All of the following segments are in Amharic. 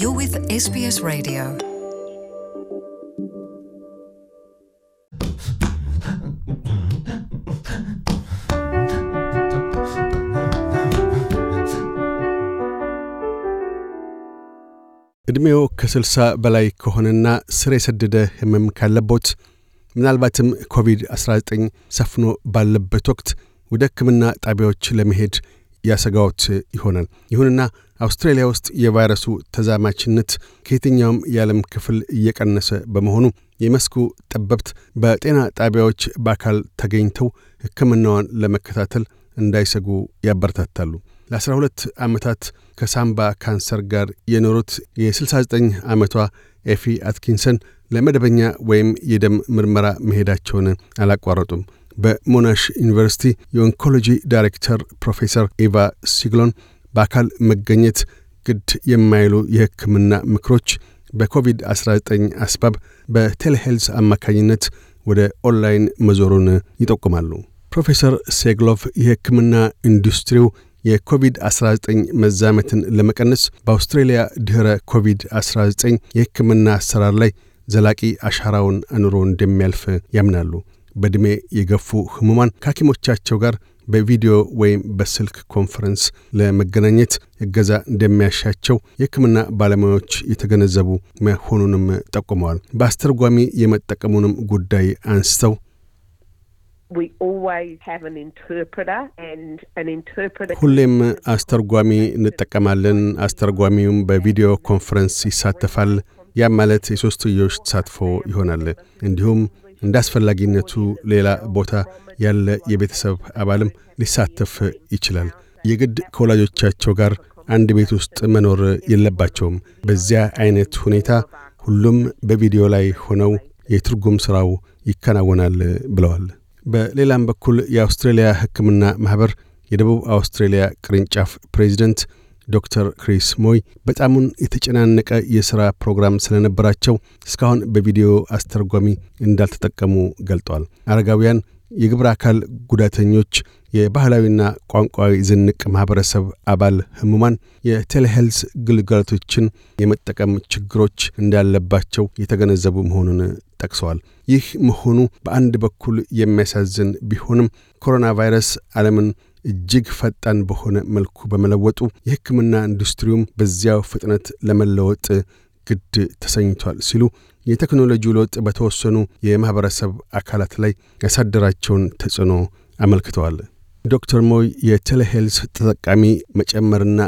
You're with SBS Radio. ዕድሜው ከስልሳ በላይ ከሆነና ስር የሰደደ ህመም ካለቦት ምናልባትም ኮቪድ-19 ሰፍኖ ባለበት ወቅት ወደ ሕክምና ጣቢያዎች ለመሄድ ያሰጋዎት ይሆናል። ይሁንና አውስትራሊያ ውስጥ የቫይረሱ ተዛማችነት ከየትኛውም የዓለም ክፍል እየቀነሰ በመሆኑ የመስኩ ጠበብት በጤና ጣቢያዎች በአካል ተገኝተው ሕክምናዋን ለመከታተል እንዳይሰጉ ያበረታታሉ። ለ12 ዓመታት ከሳምባ ካንሰር ጋር የኖሩት የ69 ዓመቷ ኤፊ አትኪንሰን ለመደበኛ ወይም የደም ምርመራ መሄዳቸውን አላቋረጡም። በሞናሽ ዩኒቨርሲቲ የኦንኮሎጂ ዳይሬክተር ፕሮፌሰር ኤቫ ሲግሎን በአካል መገኘት ግድ የማይሉ የሕክምና ምክሮች በኮቪድ-19 አስባብ በቴሌሄልስ አማካኝነት ወደ ኦንላይን መዞሩን ይጠቁማሉ። ፕሮፌሰር ሴግሎቭ የሕክምና ኢንዱስትሪው የኮቪድ-19 መዛመትን ለመቀነስ በአውስትሬልያ ድኅረ ኮቪድ-19 የሕክምና አሰራር ላይ ዘላቂ አሻራውን አኑሮ እንደሚያልፍ ያምናሉ። በዕድሜ የገፉ ህሙማን ከሐኪሞቻቸው ጋር በቪዲዮ ወይም በስልክ ኮንፈረንስ ለመገናኘት እገዛ እንደሚያሻቸው የህክምና ባለሙያዎች የተገነዘቡ መሆኑንም ጠቁመዋል። በአስተርጓሚ የመጠቀሙንም ጉዳይ አንስተው ሁሌም አስተርጓሚ እንጠቀማለን። አስተርጓሚውም በቪዲዮ ኮንፈረንስ ይሳተፋል። ያም ማለት የሦስትዮሽ ተሳትፎ ይሆናል። እንዲሁም እንደ አስፈላጊነቱ ሌላ ቦታ ያለ የቤተሰብ አባልም ሊሳተፍ ይችላል። የግድ ከወላጆቻቸው ጋር አንድ ቤት ውስጥ መኖር የለባቸውም። በዚያ አይነት ሁኔታ ሁሉም በቪዲዮ ላይ ሆነው የትርጉም ሥራው ይከናወናል ብለዋል። በሌላም በኩል የአውስትሬልያ ሕክምና ማኅበር የደቡብ አውስትሬልያ ቅርንጫፍ ፕሬዚደንት ዶክተር ክሪስ ሞይ በጣሙን የተጨናነቀ የሥራ ፕሮግራም ስለነበራቸው እስካሁን በቪዲዮ አስተርጓሚ እንዳልተጠቀሙ ገልጧል። አረጋውያን፣ የግብረ አካል ጉዳተኞች፣ የባህላዊና ቋንቋዊ ዝንቅ ማኅበረሰብ አባል ህሙማን የቴሌሄልስ ግልጋሎቶችን የመጠቀም ችግሮች እንዳለባቸው የተገነዘቡ መሆኑን ጠቅሰዋል። ይህ መሆኑ በአንድ በኩል የሚያሳዝን ቢሆንም ኮሮና ቫይረስ ዓለምን እጅግ ፈጣን በሆነ መልኩ በመለወጡ የሕክምና ኢንዱስትሪውም በዚያው ፍጥነት ለመለወጥ ግድ ተሰኝቷል ሲሉ የቴክኖሎጂው ለውጥ በተወሰኑ የማኅበረሰብ አካላት ላይ ያሳደራቸውን ተጽዕኖ አመልክተዋል። ዶክተር ሞይ የቴሌሄልስ ተጠቃሚ መጨመርና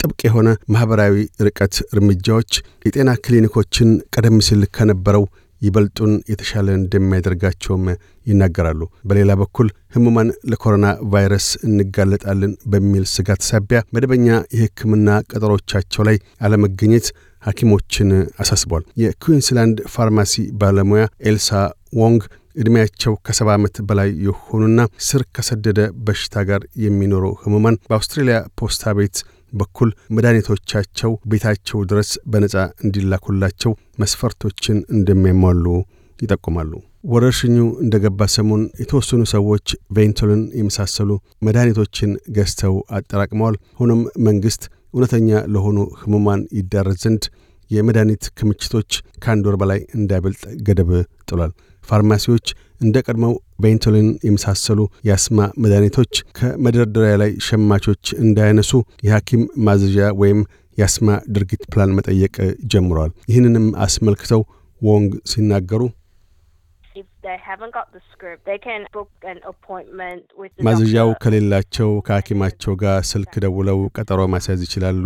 ጥብቅ የሆነ ማኅበራዊ ርቀት እርምጃዎች የጤና ክሊኒኮችን ቀደም ሲል ከነበረው ይበልጡን የተሻለ እንደሚያደርጋቸውም ይናገራሉ። በሌላ በኩል ህሙማን ለኮሮና ቫይረስ እንጋለጣለን በሚል ስጋት ሳቢያ መደበኛ የሕክምና ቀጠሮቻቸው ላይ አለመገኘት ሐኪሞችን አሳስቧል። የኩዊንስላንድ ፋርማሲ ባለሙያ ኤልሳ ዎንግ ዕድሜያቸው ከሰባ ዓመት በላይ የሆኑና ስር ከሰደደ በሽታ ጋር የሚኖሩ ህሙማን በአውስትሬልያ ፖስታ ቤት በኩል መድኃኒቶቻቸው ቤታቸው ድረስ በነጻ እንዲላኩላቸው መስፈርቶችን እንደሚያሟሉ ይጠቁማሉ። ወረርሽኙ እንደ ገባ ሰሞን የተወሰኑ ሰዎች ቬንቶልን የመሳሰሉ መድኃኒቶችን ገዝተው አጠራቅመዋል። ሆኖም መንግሥት እውነተኛ ለሆኑ ህሙማን ይዳረስ ዘንድ የመድኃኒት ክምችቶች ከአንድ ወር በላይ እንዳይበልጥ ገደብ ጥሏል። ፋርማሲዎች እንደ ቀድሞው በኢንሱሊን የመሳሰሉ የአስማ መድኃኒቶች ከመደርደሪያ ላይ ሸማቾች እንዳያነሱ የሐኪም ማዘዣ ወይም የአስማ ድርጊት ፕላን መጠየቅ ጀምሯል ይህንንም አስመልክተው ወንግ ሲናገሩ ማዘዣው ከሌላቸው ከሐኪማቸው ጋር ስልክ ደውለው ቀጠሮ ማስያዝ ይችላሉ።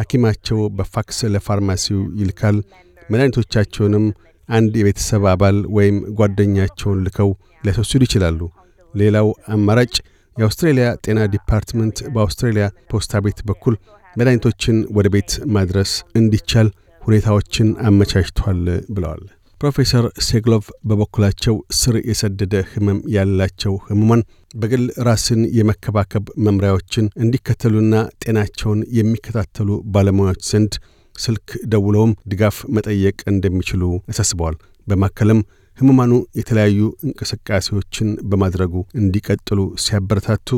ሐኪማቸው በፋክስ ለፋርማሲው ይልካል። መድኃኒቶቻቸውንም አንድ የቤተሰብ አባል ወይም ጓደኛቸውን ልከው ሊያስወስዱ ይችላሉ። ሌላው አማራጭ የአውስትሬልያ ጤና ዲፓርትመንት በአውስትሬልያ ፖስታ ቤት በኩል መድኃኒቶችን ወደ ቤት ማድረስ እንዲቻል ሁኔታዎችን አመቻችቷል ብለዋል። ፕሮፌሰር ሴግሎቭ በበኩላቸው ስር የሰደደ ህመም ያላቸው ህሙማን በግል ራስን የመከባከብ መምሪያዎችን እንዲከተሉና ጤናቸውን የሚከታተሉ ባለሙያዎች ዘንድ ስልክ ደውለውም ድጋፍ መጠየቅ እንደሚችሉ አሳስበዋል። በማከልም ህሙማኑ የተለያዩ እንቅስቃሴዎችን በማድረጉ እንዲቀጥሉ ሲያበረታቱ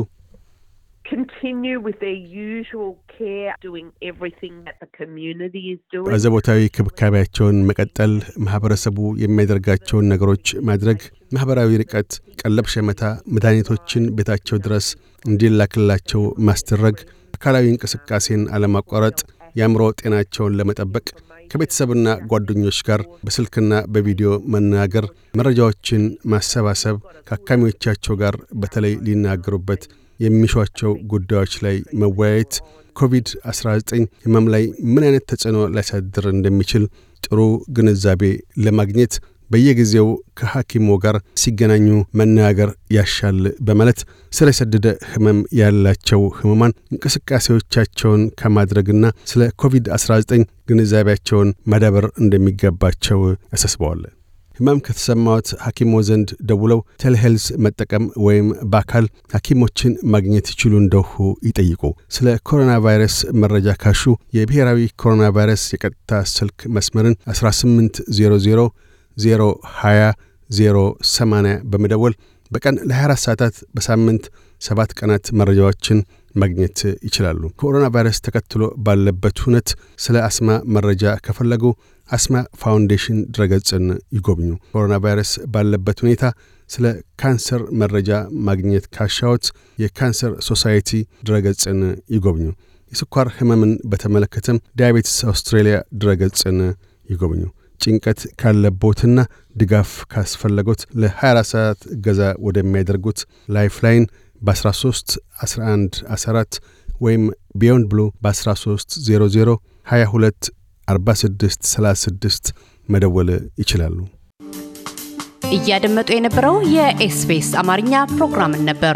በዘቦታዊ ክብካቤያቸውን መቀጠል፣ ማህበረሰቡ የሚያደርጋቸውን ነገሮች ማድረግ፣ ማህበራዊ ርቀት፣ ቀለብ ሸመታ፣ መድኃኒቶችን ቤታቸው ድረስ እንዲላክላቸው ማስደረግ፣ አካላዊ እንቅስቃሴን አለማቋረጥ የአእምሮ ጤናቸውን ለመጠበቅ ከቤተሰብና ጓደኞች ጋር በስልክና በቪዲዮ መናገር፣ መረጃዎችን ማሰባሰብ፣ ከአካሚዎቻቸው ጋር በተለይ ሊናገሩበት የሚሿቸው ጉዳዮች ላይ መወያየት ኮቪድ-19 ህመም ላይ ምን አይነት ተጽዕኖ ሊያሳድር እንደሚችል ጥሩ ግንዛቤ ለማግኘት በየጊዜው ከሐኪሞ ጋር ሲገናኙ መነጋገር ያሻል በማለት ስለ የሰደደ ህመም ያላቸው ህሙማን እንቅስቃሴዎቻቸውን ከማድረግና ስለ ኮቪድ-19 ግንዛቤያቸውን ማዳበር እንደሚገባቸው አሳስበዋል። ህመም ከተሰማዎት ሐኪሞ ዘንድ ደውለው ቴሌሄልስ መጠቀም ወይም በአካል ሐኪሞችን ማግኘት ይችሉ እንደሁ ይጠይቁ። ስለ ኮሮና ቫይረስ መረጃ ካሹ የብሔራዊ ኮሮና ቫይረስ የቀጥታ ስልክ መስመርን 1800 020 በመደወል በቀን ለ24 ሰዓታት በሳምንት ሰባት ቀናት መረጃዎችን ማግኘት ይችላሉ። ኮሮና ቫይረስ ተከትሎ ባለበት ሁነት ስለ አስማ መረጃ ከፈለጉ አስማ ፋውንዴሽን ድረገጽን ይጎብኙ። ኮሮና ቫይረስ ባለበት ሁኔታ ስለ ካንሰር መረጃ ማግኘት ካሻዎት የካንሰር ሶሳይቲ ድረገጽን ይጎብኙ። የስኳር ህመምን በተመለከተም ዳያቤትስ አውስትሬሊያ ድረገጽን ይጎብኙ። ጭንቀት ካለቦትና ድጋፍ ካስፈለጎት ለ24 ሰዓት እገዛ ወደሚያደርጉት ላይፍላይን በ13 14 ወይም ቢዮንድ ብሉ በ 1300 00 22 46 መደወል ይችላሉ። እያደመጡ የነበረው የኤስፔስ አማርኛ ፕሮግራምን ነበር።